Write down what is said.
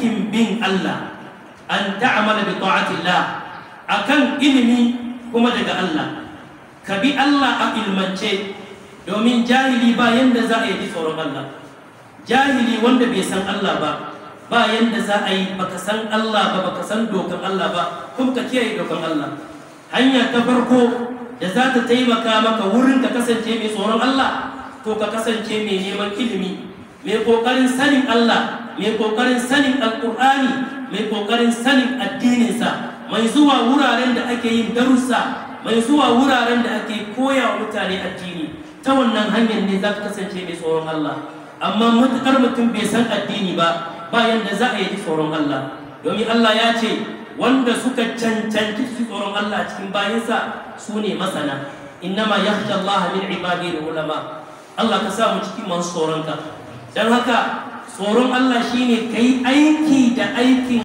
aikin bin Allah an ta'amala bi ta'atillah akan ilimi kuma daga Allah ka bi Allah a ilmance domin jahili ba yanda za a yi tsoron Allah jahili wanda bai san Allah ba ba yanda za a yi baka san Allah ba baka san dokan Allah ba kuma ka kiyaye dokan Allah hanya ta farko da za ta taimaka maka wurin ka kasance mai tsoron Allah to ka kasance mai neman ilimi mai kokarin sanin Allah mai kokarin sanin alkur'ani mai kokarin sanin addininsa mai zuwa wuraren da ake yin darussa mai zuwa wuraren da ake koya wa mutane addini ta wannan hanyar ne za ka kasance mai tsoron Allah amma matukar mutum bai san addini ba bayan da za a yi tsoron Allah domin Allah ya ce wanda suka cancanci su tsoron Allah cikin bayansa su ne masana Inna yakhsha Allah min ibadihi ulama Allah ka sa mu cikin masu tsoronka don haka tsoron Allah shine kai aiki da aikin